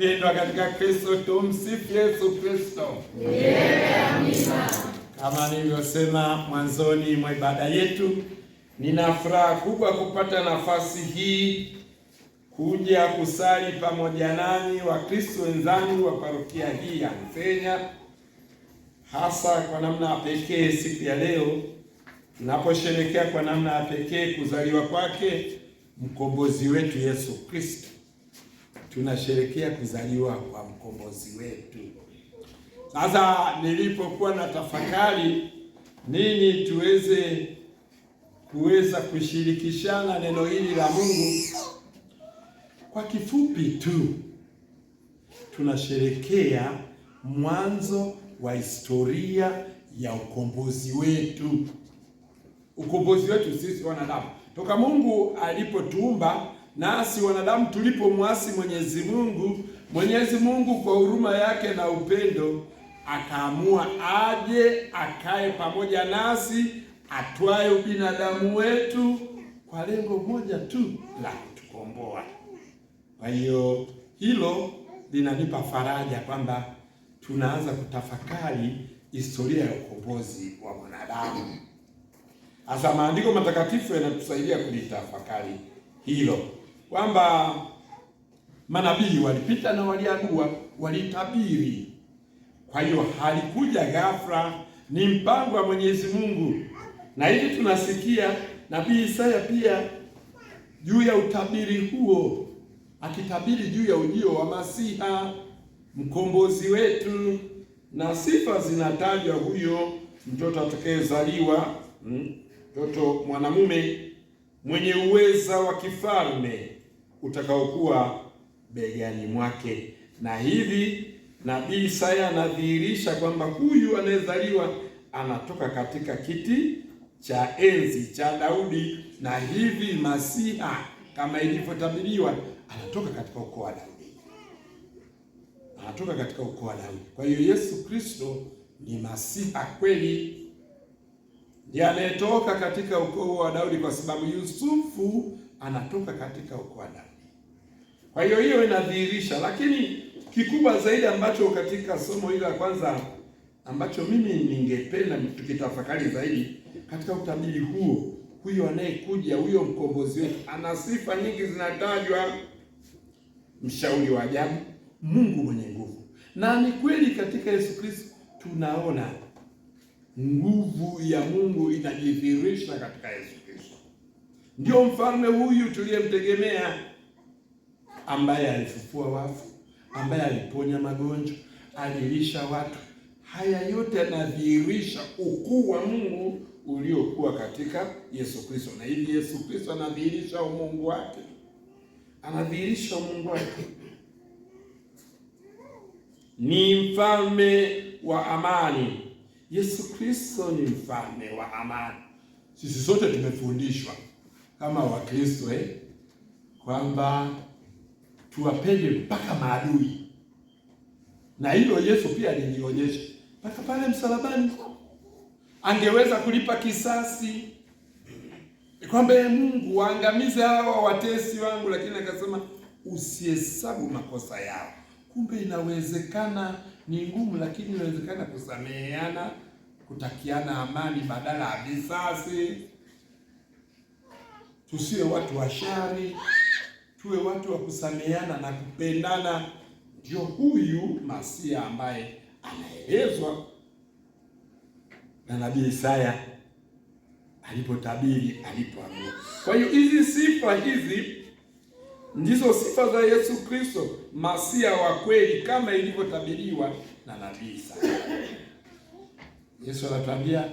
Pendwa katika Kristo, tumsifu Yesu Kristo. amina. Kama nilivyosema mwanzoni mwa ibada yetu, nina furaha kubwa kupata nafasi hii kuja kusali pamoja nanyi Wakristo wenzangu wa parokia hii ya Msenya, hasa kwa namna ya pekee siku ya leo tunaposherekea kwa namna ya pekee kuzaliwa kwake mkombozi wetu Yesu Kristo tunasherekea kuzaliwa kwa mkombozi wetu. Sasa nilipokuwa na tafakari nini tuweze kuweza kushirikishana neno hili la Mungu, kwa kifupi tu tunasherekea mwanzo wa historia ya ukombozi wetu. Ukombozi wetu sisi wanadamu toka Mungu alipotuumba nasi wanadamu tulipomwasi Mwenyezi Mungu, Mwenyezi Mungu kwa huruma yake na upendo akaamua aje akae pamoja nasi, atwaye ubinadamu wetu kwa lengo moja tu la kutukomboa. Kwa hiyo hilo linanipa faraja kwamba tunaanza kutafakari historia ya ukombozi wa mwanadamu. Hasa maandiko matakatifu yanatusaidia kulitafakari hilo kwamba manabii walipita na waliadua, walitabiri. Kwa hiyo halikuja ghafla, ni mpango wa Mwenyezi Mungu. Na hivi tunasikia nabii Isaya pia juu ya utabiri huo, akitabiri juu ya ujio wa Masiha mkombozi wetu, na sifa zinatajwa huyo mtoto atakayezaliwa, hmm, mtoto mwanamume mwenye uweza wa kifalme utakaokuwa begani mwake. Na hivi nabii Isaya anadhihirisha kwamba huyu anayezaliwa anatoka katika kiti cha enzi cha Daudi, na hivi Masiha kama ilivyotabiriwa anatoka katika ukoo wa Daudi, anatoka katika ukoo wa Daudi. Kwa hiyo Yesu Kristo ni Masiha kweli, ndiye anayetoka katika ukoo wa Daudi, kwa sababu Yusufu anatoka katika ukoo wa Daudi. Kwa hiyo hiyo inadhihirisha, lakini kikubwa zaidi ambacho katika somo hili la kwanza ambacho mimi ningependa tukitafakari zaidi katika utabiri huo, huyo anayekuja, huyo mkombozi wetu, ana sifa nyingi zinatajwa: mshauri wa ajabu, Mungu mwenye nguvu. Na ni kweli katika Yesu Kristo tunaona nguvu ya Mungu inajidhihirisha katika Yesu Kristo, ndio mfalme huyu tuliyemtegemea ambaye alifufua wafu, ambaye aliponya magonjwa, alilisha watu. Haya yote yanadhihirisha ukuu wa Mungu uliokuwa katika Yesu Kristo, na hivi Yesu Kristo anadhihirisha umungu wake, anadhihirisha umungu wake. Ni mfalme wa amani. Yesu Kristo ni mfalme wa amani. Sisi sote tumefundishwa kama Wakristo eh, kwamba tuwapende mpaka maadui, na hilo Yesu pia alinionyesha mpaka pale msalabani. Angeweza kulipa kisasi kwamba ee Mungu waangamize hawa watesi wangu, lakini akasema usihesabu makosa yao. Kumbe inawezekana, ni ngumu, lakini inawezekana kusameheana, kutakiana amani badala ya visasi. Tusiwe watu washari tuwe watu wa kusameheana na kupendana. Ndio huyu Masia ambaye anaelezwa na nabii Isaya alipotabiri, alipoamua. Kwa hiyo hizi sifa hizi ndizo sifa za Yesu Kristo, Masia wa kweli, kama ilivyotabiriwa na nabii Isaya. Yesu anatuambia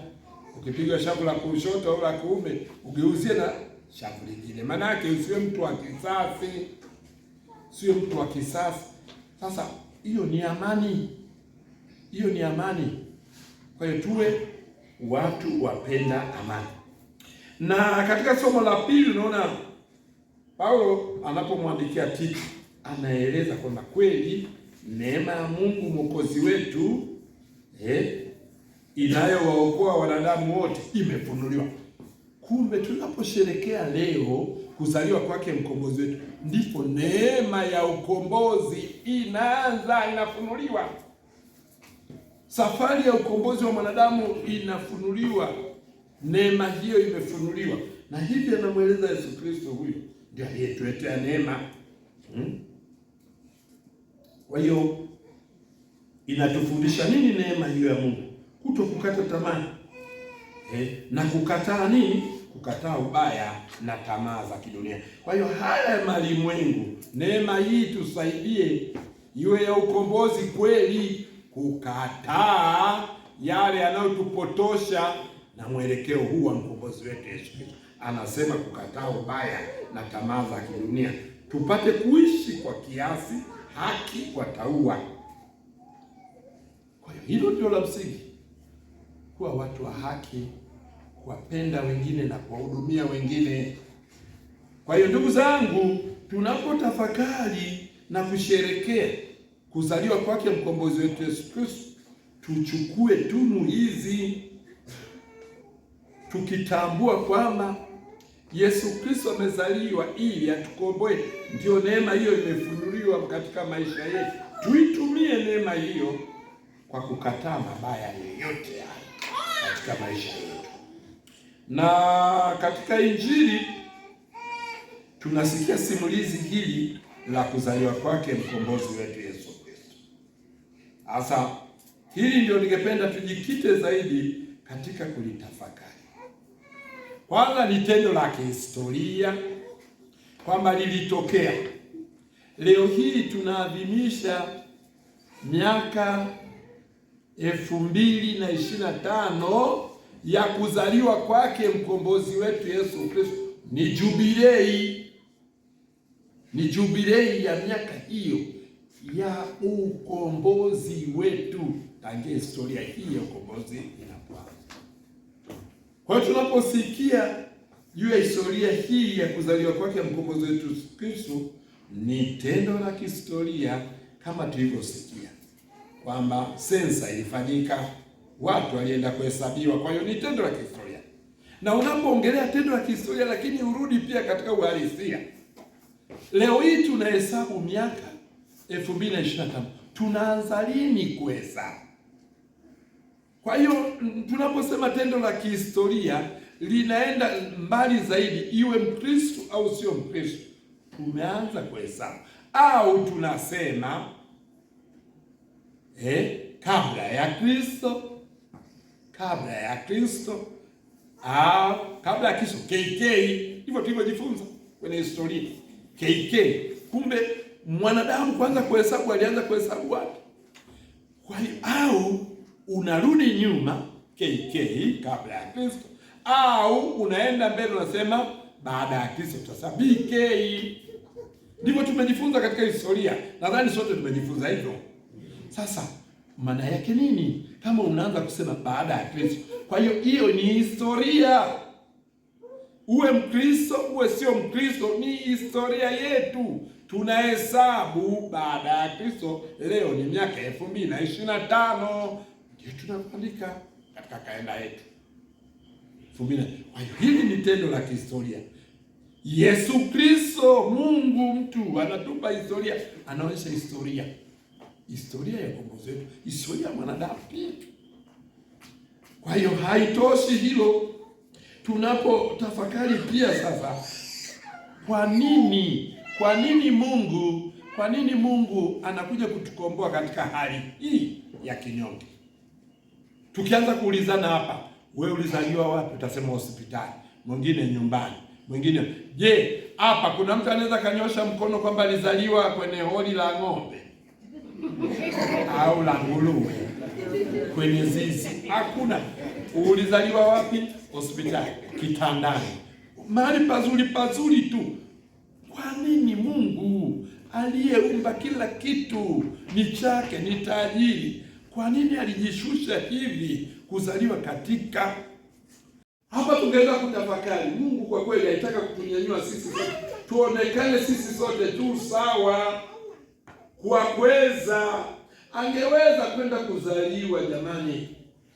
ukipigwa shavu la kushoto au la kuume, ugeuzie na shavu lingine. Maana yake usiwe mtu wa kisasi, sio mtu wa kisasi. Sasa hiyo ni amani, hiyo ni amani. Kwa hiyo tuwe watu wapenda amani. Na katika somo la pili unaona Paulo anapomwandikia Tito anaeleza kwamba kweli neema ya Mungu mwokozi wetu eh, inayowaokoa wanadamu wote imefunuliwa. Kumbe tunaposherekea leo kuzaliwa kwake mkombozi wetu, ndipo neema ya ukombozi inaanza, inafunuliwa. Safari ya ukombozi wa mwanadamu inafunuliwa, neema hiyo imefunuliwa, na hivi anamweleza Yesu Kristo, huyo ndio aliyetuletea neema hmm? Kwa hiyo inatufundisha nini neema hiyo ya Mungu? Kutokukata tamaa eh, na kukataa nini kukataa ubaya na tamaa za kidunia. Kwa hiyo haya malimwengu, neema hii tusaidie iwe ya ukombozi kweli, kukataa yale yanayotupotosha na mwelekeo huu wa mkombozi wetu Yesu Kristo. Anasema kukataa ubaya na tamaa za kidunia, tupate kuishi kwa kiasi, haki, kwa taua Kwa hiyo hilo ndio la msingi, kuwa watu wa haki kuwapenda wengine na kuwahudumia wengine. Kwa hiyo ndugu zangu, tunapotafakari na kusherekea kuzaliwa kwake mkombozi wetu Yesu Kristo, tuchukue tunu hizi tukitambua kwamba Yesu Kristo amezaliwa ili atukomboe. ndio neema hiyo imefunuliwa katika maisha yetu. Tuitumie neema hiyo kwa kukataa mabaya yoyote katika maisha yetu. Na katika Injili tunasikia simulizi hili la kuzaliwa kwake mkombozi wetu Yesu Kristo. Sasa hili ndio ningependa tujikite zaidi katika kulitafakari. Kwanza ni tendo la kihistoria kwamba lilitokea. Leo hii tunaadhimisha miaka elfu mbili na ishirini na tano ya kuzaliwa kwake mkombozi wetu Yesu Kristo ni jubilei, ni jubilei ya miaka hiyo ya ukombozi wetu, tangia historia hii ya ukombozi inapoanza. Kwa hiyo tunaposikia juu ya historia hii ya kuzaliwa kwake mkombozi wetu Kristo, ni tendo la kihistoria kama tulivyosikia kwamba sensa ilifanyika watu walienda kuhesabiwa. Kwa hiyo ni tendo la kihistoria, na unapoongelea tendo la kihistoria, lakini urudi pia katika uhalisia. Leo hii tunahesabu miaka 2025 tunaanza lini kuhesabu? Kwa hiyo tunaposema tendo la kihistoria linaenda mbali zaidi, iwe Mkristo au sio Mkristo, tumeanza kuhesabu au tunasema eh, kabla ya Kristo kabla ya Kristo au ah, kabla ya Kristo. KK hivyo tulivyojifunza kwenye historia KK. Kumbe mwanadamu kwanza kuhesabu, alianza kuhesabu wapi? Kwa hiyo au unarudi nyuma KK, kabla ya Kristo, au unaenda mbele, unasema baada ya Kristo. Sasa BK ndivyo tumejifunza katika historia, nadhani sote tumejifunza hivyo. Sasa maana yake nini kama unaanza kusema baada ya Kristo? Kwa hiyo hiyo ni historia. Uwe Mkristo uwe sio Mkristo, ni historia yetu. Tunahesabu baada ya Kristo. Leo ni miaka elfu mbili na ishirini na tano ndio tunaandika katika kaenda yetu. Kwa hiyo hili ni tendo la kihistoria. Yesu Kristo Mungu mtu anatupa historia, anaonyesha historia historia ya Mkombozi zetu, historia ya mwanadamu pia. Kwa hiyo haitoshi hilo, tunapo tafakari pia sasa, kwa nini, kwa nini Mungu, kwa nini Mungu anakuja kutukomboa katika hali hii ya kinyonge? Tukianza kuulizana hapa, wewe ulizaliwa wapi? Utasema hospitali, mwingine nyumbani, mwingine. Je, hapa kuna mtu anaweza kanyosha mkono kwamba alizaliwa kwenye holi la ng'ombe? au la nguruwe kwenye zizi. Hakuna. Ulizaliwa wapi? Hospitali, kitandani, mahali pazuri pazuri tu. Kwa nini Mungu aliyeumba kila kitu ni chake, ni tajiri, kwa nini alijishusha hivi kuzaliwa katika hapa? Tungeweza kutafakari. Mungu kwa kweli alitaka kutunyanyua sisi, tuonekane sisi sote tu sawa wa kuweza, angeweza kwenda kuzaliwa jamani,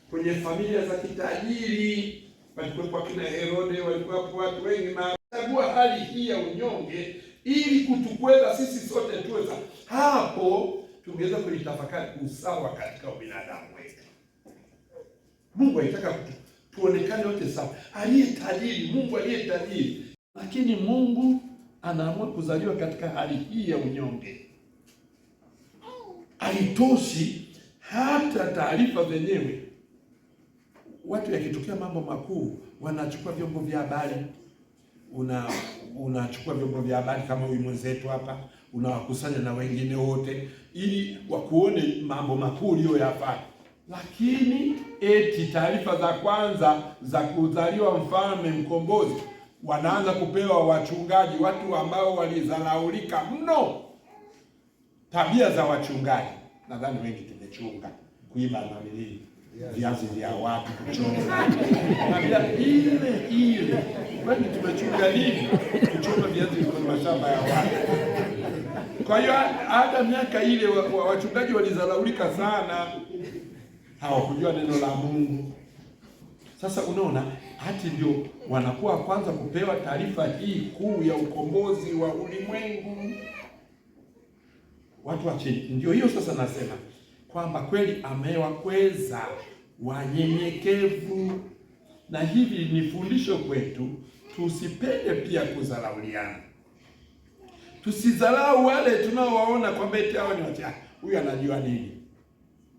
kwenye familia za kitajiri. Walikuwepo akina Herode, walikuwepo watu wengi maagua hali hii ya unyonge, ili kutukweza sisi sote tuweza. Hapo tungeweza kujitafakari usawa katika ubinadamu wetu. Mungu alitaka tuonekane wote sawa, aliye tajiri, Mungu aliye tajiri, lakini Mungu anaamua kuzaliwa katika hali hii ya unyonge haitoshi hata taarifa zenyewe. Watu yakitokea mambo makuu, wanachukua vyombo vya habari, una unachukua vyombo vya habari kama huyu mwenzetu hapa, unawakusanya na wengine wote, ili wakuone mambo makuu uliyoyafanya. Lakini eti taarifa za kwanza za kuzaliwa mfalme mkombozi wanaanza kupewa wachungaji, watu ambao walizalaulika mno tabia za wachungaji, nadhani wengi tumechunga kuiba nanilii viazi vya watu kuchoma tabia ile ile, wengi tumechunga hivi kuchoma viazi kwenye mashamba ya watu. Kwa hiyo hata miaka ile wachungaji walizalaulika sana, hawakujua neno la Mungu. Sasa unaona, hati ndio wanakuwa kwanza kupewa taarifa hii kuu ya ukombozi wa ulimwengu watu wa chini. Ndio hiyo sasa nasema kwamba kweli amewakweza wanyenyekevu, na hivi ni fundisho kwetu, tusipende pia kudharauliana, tusidharau wale tunaowaona kwamba eti hawa ni wacha, huyu anajua nini,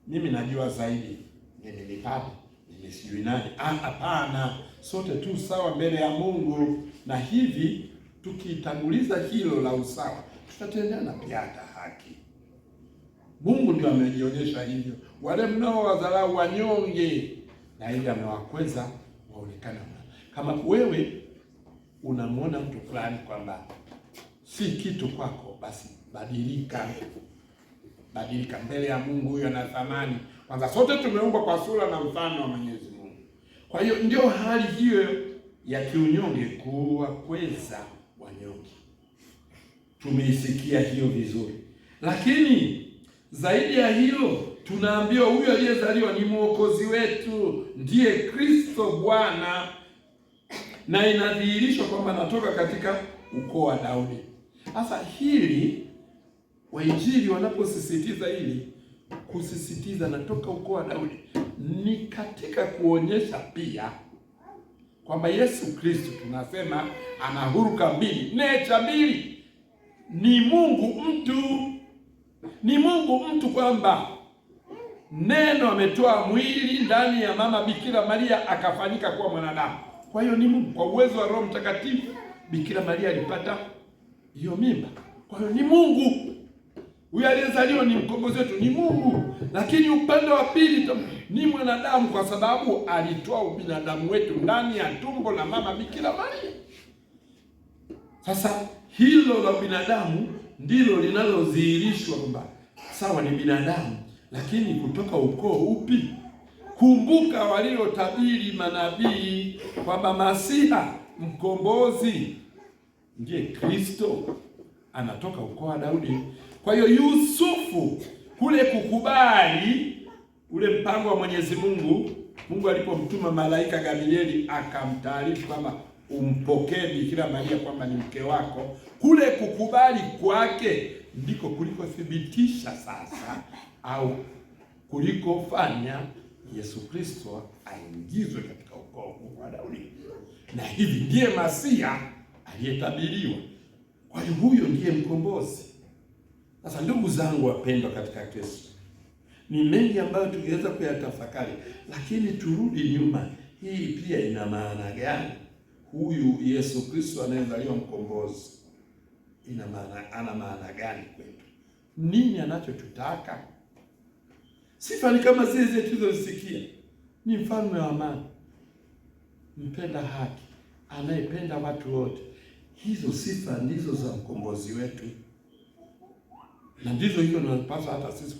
mimi najua zaidi, mimi ni papa, mimi sijui nani. Ah, hapana, sote tu sawa mbele ya Mungu, na hivi tukitanguliza hilo la usawa, tutatendeana pia Mungu ndio amejionyesha hivyo, wale mnao wadharau wanyonge, na ili amewakweza waonekane. Kama wewe unamwona mtu fulani kwamba si kitu kwako, basi badilika, badilika mbele ya Mungu. Huyo ana thamani. Kwanza sote tumeumbwa kwa sura na mfano wa Mwenyezi Mungu. Kwa hiyo ndio hali hiyo ya kiunyonge, kuwakweza wanyonge, tumeisikia hiyo vizuri, lakini zaidi ya hilo, tunaambiwa huyo aliyezaliwa ni mwokozi wetu, ndiye Kristo Bwana, na inadhihirishwa kwamba anatoka katika ukoo wa Daudi. Sasa hili wainjili wanaposisitiza hili, kusisitiza natoka ukoo wa Daudi ni katika kuonyesha pia kwamba Yesu Kristo tunasema ana huruka mbili, necha mbili, ni Mungu mtu ni Mungu mtu kwamba neno ametoa mwili ndani ya mama Bikira Maria akafanyika kuwa mwanadamu. Kwa hiyo ni Mungu kwa uwezo wa Roho Mtakatifu, Bikira Maria alipata hiyo mimba. Kwa hiyo ni Mungu huyu aliyezaliwa, ni mkombozi wetu, ni Mungu. Lakini upande wa pili ni mwanadamu, kwa sababu alitoa ubinadamu wetu ndani ya tumbo la mama Bikira Maria. Sasa hilo la binadamu ndilo linalodhihirishwa kwamba sawa, ni binadamu, lakini kutoka ukoo upi? Kumbuka waliotabiri manabii kwamba Masiha mkombozi ndiye Kristo, anatoka ukoo wa Daudi. Kwa hiyo Yusufu kule kukubali ule mpango wa Mwenyezi Mungu, Mungu alipomtuma malaika Gabrieli akamtaarifu kwamba umpokee Bikira Maria kwamba ni mke wako. Kule kukubali kwake ndiko kulikothibitisha sasa, au kulikofanya Yesu Kristo aingizwe katika ukoo wa Daudi, na hivi ndiye Masia aliyetabiriwa. Kwa hiyo huyo ndiye mkombozi. Sasa ndugu zangu wapendwa katika Kristo, ni mengi ambayo tungeweza kuyatafakari, lakini turudi nyuma. Hii pia ina maana gani? huyu Yesu Kristo anayezaliwa mkombozi ina maana, ana maana gani kwetu? Nini anachotutaka? Sifa ni kama zile zile tulizosikia, ni mfalme wa amani, mpenda haki, anayependa watu wote. Hizo sifa ndizo za mkombozi wetu, na ndizo hizo tunapaswa hata sisi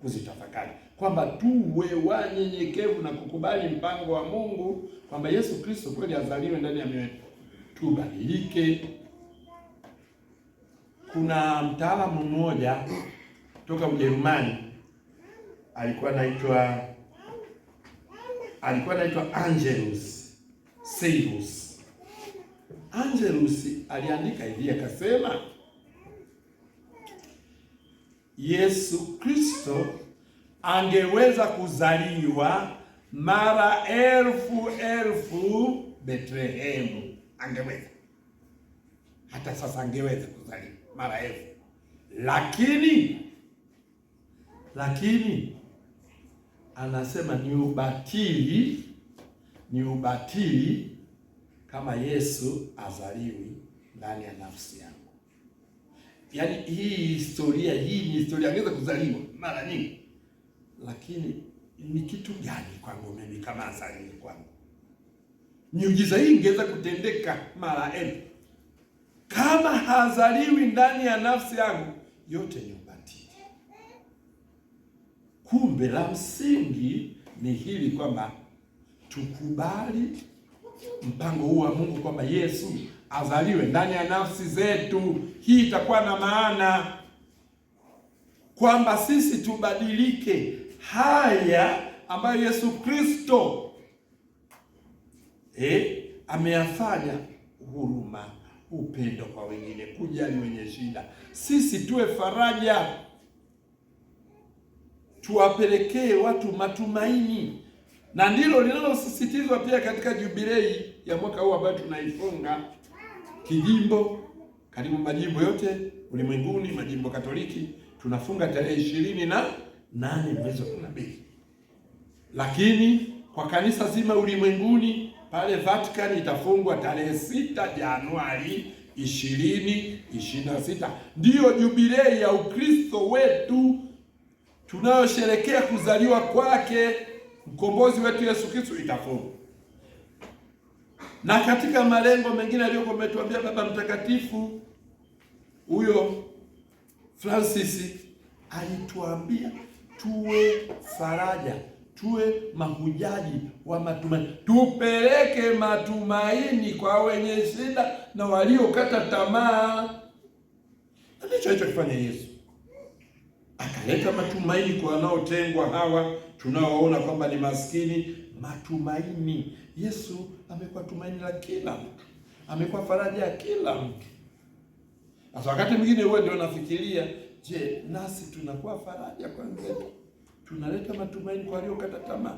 kuzitafakari kwamba tuwe wanyenyekevu na kukubali mpango wa Mungu kwamba Yesu Kristo kweli azaliwe ndani ya mioyo yetu, tubadilike. Kuna mtaalamu mmoja toka Ujerumani alikuwa anaitwa alikuwa anaitwa Angelus Seibus. Angelus aliandika hivi akasema, Yesu Kristo angeweza kuzaliwa mara elfu elfu Betlehemu, angeweza hata sasa angeweza kuzaliwa mara elfu, lakini lakini anasema ni ubatili, ni ubatili kama Yesu azaliwi ndani ya nafsi yangu. Yaani hii historia hii ni historia, angeweza kuzaliwa mara nyingi lakini ni kitu gani kwangu mimi kama asanii kwangu? Miujiza hii ingeweza kutendeka mara elfu kama hazaliwi ndani ya nafsi yangu, yote ni ubatili. Kumbe la msingi ni hili kwamba tukubali mpango huu wa Mungu kwamba Yesu azaliwe ndani ya nafsi zetu. Hii itakuwa na maana kwamba sisi tubadilike haya ambayo Yesu Kristo eh, ameyafanya: huruma, upendo kwa wengine, kujali wenye shida. Sisi tuwe faraja, tuwapelekee watu matumaini, na ndilo linalosisitizwa pia katika jubilei ya mwaka huu ambayo tunaifunga kijimbo, karibu majimbo yote ulimwenguni, majimbo Katoliki tunafunga tarehe ishirini na nani mwezi wa na lakini kwa kanisa zima ulimwenguni pale Vatican itafungwa tarehe sita Januari ishirini ishirini na sita. Ndiyo jubilei ya Ukristo wetu tunayosherekea kuzaliwa kwake mkombozi wetu Yesu Kristo itafungwa. Na katika malengo mengine aliyokuwa ametuambia Baba Mtakatifu huyo Francis alituambia tuwe faraja, tuwe mahujaji wa matumaini, tupeleke matumaini kwa wenye shida na waliokata tamaa. Ndicho alichokifanya Yesu, akaleta matumaini kwa wanaotengwa hawa tunaoona kwamba ni maskini. Matumaini. Yesu amekuwa tumaini la kila mtu, amekuwa faraja ya kila mtu. Sasa wakati mwingine huwa ndio nafikiria Je, nasi tunakuwa faraja kwa wenzetu? Tunaleta matumaini kwa waliokata tamaa?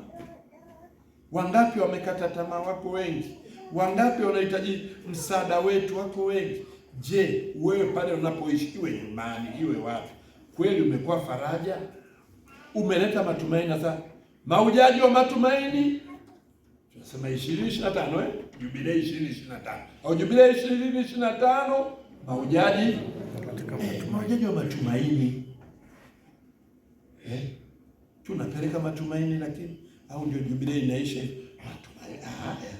Wangapi wamekata tamaa? Wako wengi. Wangapi wanahitaji msaada wetu? Wako wengi. Je, wewe pale unapoishi, iwe nyumbani, iwe wapi, kweli umekuwa faraja? Umeleta matumaini? Sasa maujaji wa matumaini tunasema ishirini ishirini tano eh, jubilei ishirini ishirini tano au jubilei ishirini ishirini tano maujaji katika eh, matumaini. Majaji wa matumaini. Eh? Tunapeleka matumaini lakini au ndio jubilei inaisha matumaini. Haya. Ah, ah, eh.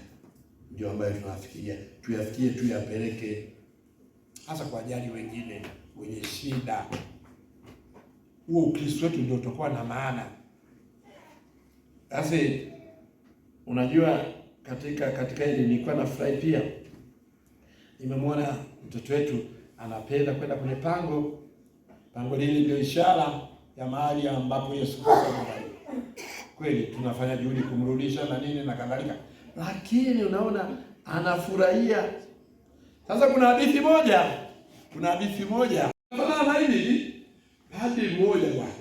Ndio ambayo tunafikiria. Tuyafikie, tuyapeleke hasa kwa ajali wengine wenye shida. Huo Ukristo wetu ndio utakuwa na maana. Sasa unajua katika katika ile nilikuwa nafurahi pia nimemwona mtoto wetu anapenda kwenda kwenye pango. Pango lili ndio ishara ya mahali ambapo Yesu Kristo Kweli tunafanya juhudi kumrudisha na nini na kadhalika, lakini unaona anafurahia. Sasa kuna hadithi moja, kuna hadithi moja na hili padri mmoja bwana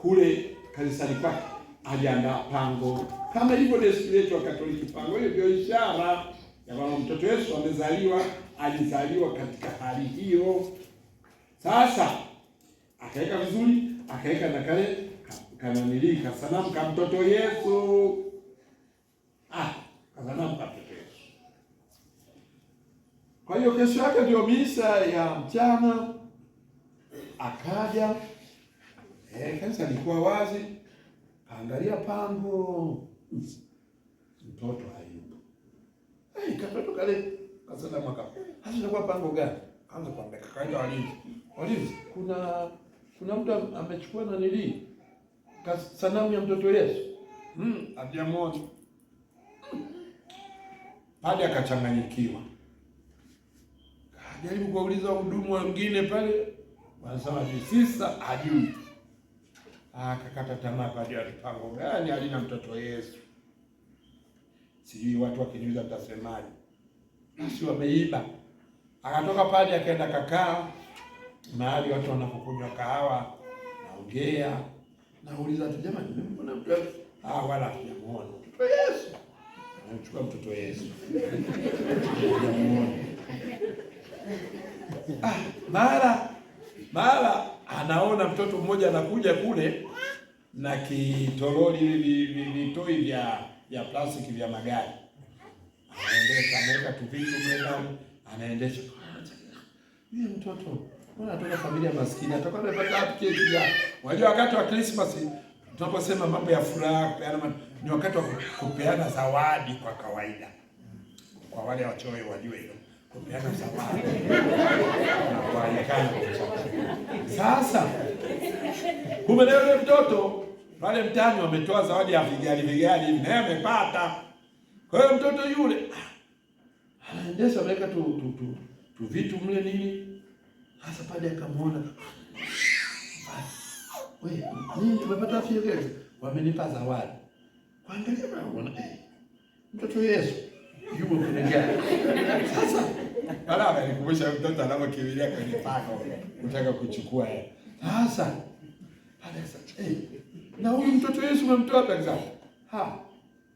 kule kanisani kwake aliandaa pango kama hivyo desturi yetu wa Katoliki. Pango hiyo ndio ishara ya kwamba mtoto Yesu amezaliwa alizaliwa katika hali hiyo. Sasa akaweka vizuri, akaweka na kale kananilii kasanamu ka mtoto Yesu, ah, kasanamu ka mtoto Yesu. Kwa hiyo kesho yake ndio misa ya mchana, akaja eh, kanisa likuwa wazi, kaangalia pango, mtoto hayupo. Hey, eh, katoto kale sasa mwaka. Sasa itakuwa pango gani? Anza kuambia kakaenda walinzi. Walinzi, kuna kuna mtu amechukua na nili sanamu ya mtoto Yesu. Mm, hajamuona. Pale akachanganyikiwa. Kajaribu kuwauliza wahudumu wengine pale, wanasema ni sisa hajui. Akakata tamaa pale, alipango yaani gani alina mtoto Yesu. Sijui watu wakiniuliza mtasemaje basi wameiba. Akatoka pale akaenda kakaa mahali watu wanapokunywa kahawa, naongea nauliza tu, jamani, nimemwona mtu ah, wala hatujamuona mtoto Yesu. Anachukua mtoto Yesu hatujamuona ah, mara mara anaona mtoto mmoja anakuja kule na kitoroli vitoi vya vya plastiki vya magari anaendesha, anaweka tu vitu mbele, anaendesha. Yule mtoto mbona anatoka familia maskini, atakuwa amepata hapo kesi ya? wajua. wakati wa Christmas tunaposema mambo ya furaha, kupeana ni wakati wa kupeana zawadi kwa kawaida. Kwa wale wachoyo wajue hilo. Kupeana zawadi. Na kualikana sasa. Kumbe leo mtoto wale mtani wametoa zawadi ya vigari vigari, naye amepata kwa hiyo mtoto yule Yesu ameweka tu tu, tu tu vitu mle nini. Sasa pale akamwona, wewe nini tumepata afya gani? Wamenipa zawadi. Kuangalia unaona eh, mtoto Yesu yuko kwenye gari. Sasa bala alikumbusha mtoto anapokimbilia kwenye pako kutaka kuchukua yeye. Sasa pale sasa eh, na huyu mtoto Yesu umemtoa pesa. Ha.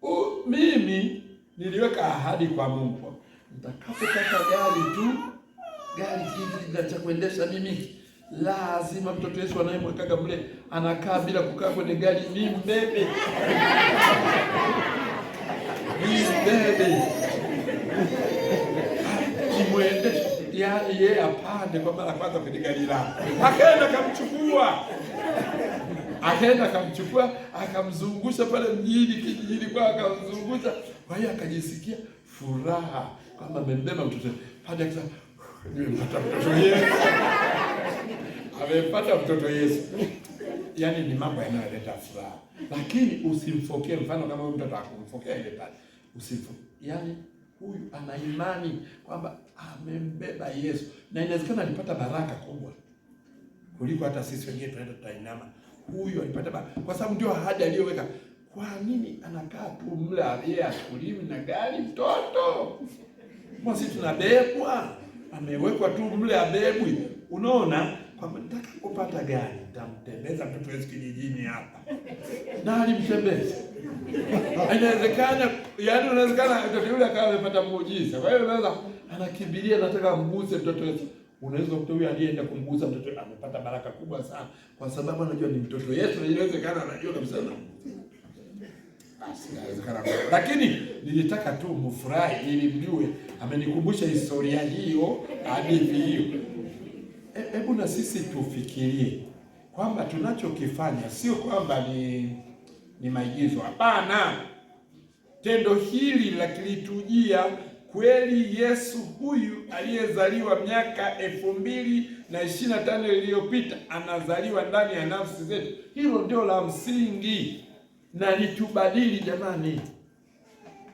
O, mimi niliweka ahadi kwa Mungu, nitakapopata gari tu, gari hili cha kuendesha mimi, lazima mtoto Yesu anayemwekaga mle anakaa bila kukaa kwenye gari, ni mbebe ni mbebe kimwendesha yaani yeye apande kwa mara kwanza kwenye gari lake, akaenda akamchukua, akaenda akamchukua, akamzungusha pale mjini, kijijini kwa akamzungusha kwa hiyo akajisikia furaha kwamba amembeba mtoto. Hadi akasema nimepata mtoto Yesu, amepata mtoto Yesu. Yaani ni mambo yanayoleta furaha, lakini usimfokee. Mfano kama huyu mtoto akumfokea ile pale, Usifu. Yaani huyu ana imani kwamba amembeba Yesu, na inawezekana alipata baraka kubwa kuliko hata sisi wengine tunaenda tutainama. Huyu alipata baraka kwa sababu ndio ahadi aliyoweka. Kwa nini anakaa tu mle aliye akulimi na gari mtoto? Mwasi tunabebwa, amewekwa tu mle abebwi. Unaona kwamba nitaka kupata gari, nitamtembeza mtoto wetu kijijini hapa. Na alimtembeza. Inawezekana, yani, unawezekana mtoto yule akawa amepata muujiza. Kwa hiyo unaweza anakimbilia anataka mguse mtoto wetu. Unaweza kuta huyu aliyeenda kumgusa mtoto amepata baraka kubwa sana kwa sababu anajua ni mtoto yetu na inawezekana anajua kabisa na lakini nilitaka tu mfurahi ili mjue amenikumbusha historia hiyo, hadithi hiyo. Hebu e, na sisi tufikirie kwamba tunachokifanya sio kwamba ni ni maigizo. Hapana, tendo hili la kilitujia kweli. Yesu huyu aliyezaliwa miaka elfu mbili na ishirini na tano iliyopita anazaliwa ndani ya nafsi zetu. Hilo ndio la msingi na litubadili jamani,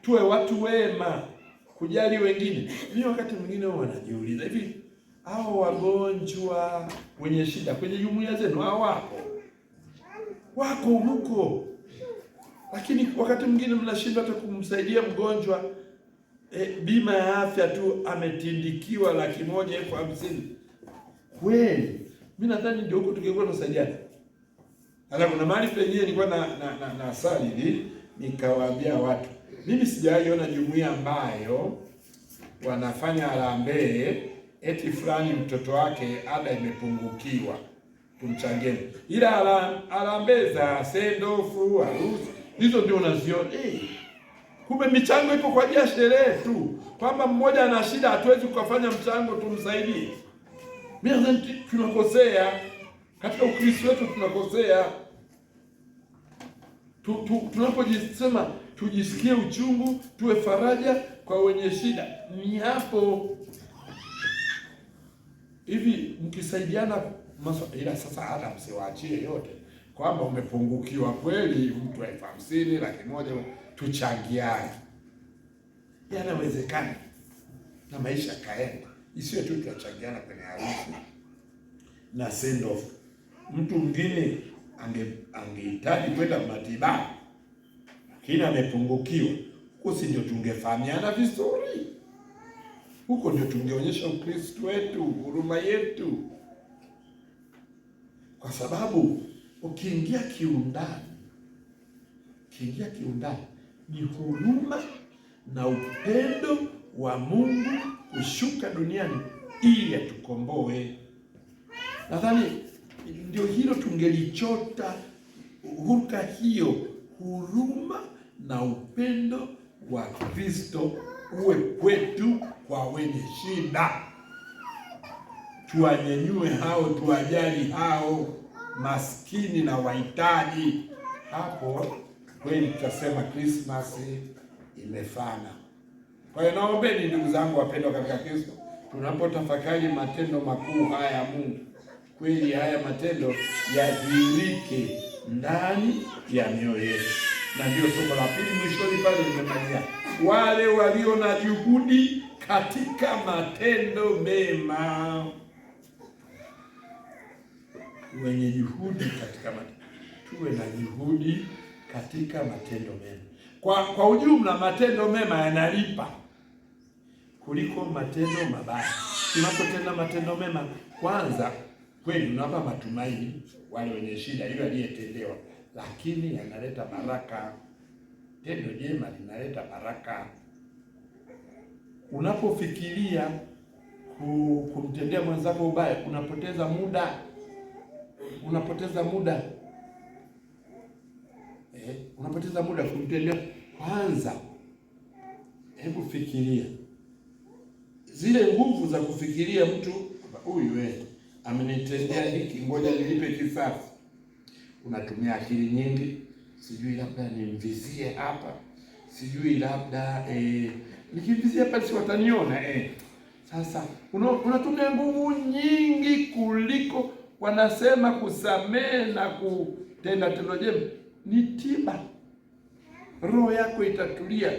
tuwe watu wema, kujali wengine. Mimi wakati mwingine wao wanajiuliza hivi, hao wagonjwa wenye shida kwenye jumuiya zenu hao wapo wako huko, lakini wakati mwingine mnashindwa hata kumsaidia mgonjwa e, bima ya afya tu ametindikiwa laki moja elfu hamsini kweli. Mimi nadhani ndio huko tungekuwa tunasaidiana hata kuna mahali pengine nilikuwa na na, na, na sali hivi nikawaambia watu, mimi sijaiona jumuiya ambayo wanafanya harambee eti fulani mtoto wake ada imepungukiwa kumchangeni, ila harambee za sendofu, harusi hizo ndio unaziona eh. Kumbe michango ipo kwa ajili ya sherehe tu, kwamba mmoja ana shida hatuwezi kukafanya mchango tumsaidie. Mimi tunakosea. Katika Ukristo wetu tunakosea tu, tu, tunapojisema tujisikie uchungu, tuwe faraja kwa wenye shida, ni hapo hivi mkisaidiana maswa, ila sasa hata msiwaachie yote kwamba umepungukiwa kweli, mtu elfu hamsini laki moja, tuchangiane, yanawezekana na maisha kaenda, isiwe tu tunachangiana kwenye harusi na send off mtu mwingine angehitaji kwenda matibabu, lakini amepungukiwa huko, si ndio tungefahamiana vizuri? Huko ndio tungeonyesha Ukristo wetu, huruma yetu, kwa sababu ukiingia kiundani, ukiingia kiundani ni huruma na upendo wa Mungu kushuka duniani ili atukomboe. Nadhani ndio hilo tungelichota hulka hiyo, huruma na upendo wa Kristo uwe kwetu kwa wenye shida, tuwanyenyue hao, tuwajali hao maskini na wahitaji. Hapo kweli tutasema Krismasi imefana. Kwa hiyo naombeni ndugu zangu wapendwa katika Kristo, tunapotafakari matendo makuu haya ya Mungu kweli haya matendo yadhihirike ndani ya mioyo yetu. Na ndiyo somo la pili mwishoni pale nimemalizia, wale walio na juhudi katika matendo mema, wenye juhudi katika matendo. Tuwe na juhudi katika matendo mema. Kwa kwa ujumla, matendo mema yanalipa kuliko matendo mabaya. Tunapotenda matendo mema, kwanza Kweli unawapa matumaini wale wenye shida, hilo aliyetendewa, lakini yanaleta baraka. Tendo jema linaleta baraka. Unapofikiria kumtendea mwenzako ubaya, unapoteza muda, unapoteza muda eh, unapoteza muda kumtendea. Kwanza hebu fikiria zile nguvu za kufikiria mtu huyu wewe amenitendea hiki, ngoja nilipe kisasi. Unatumia akili nyingi, sijui labda nimvizie hapa, sijui labda eh, nikivizia hapa si wataniona eh. Sasa unatumia nguvu nyingi kuliko wanasema kusamehe na kutenda tendo jema ni tiba, roho yako itatulia.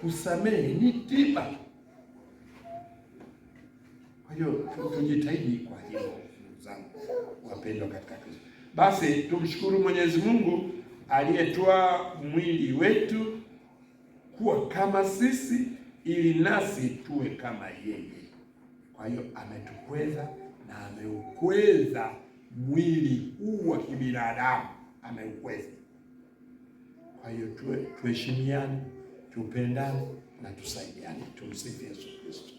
Kusamehe ni tiba. Kwa hiyo tujitahidi kwa hilo, ndugu zangu wapendwa katika Kristo. Basi tumshukuru Mwenyezi Mungu aliyetoa mwili wetu kuwa kama sisi, ili nasi tuwe kama yeye. Kwa hiyo ametukweza na ameukweza mwili huu wa kibinadamu, ameukweza. Kwa hiyo tuwe tuheshimiane, tupendane na tusaidiane. Tumsifu Yesu Kristo.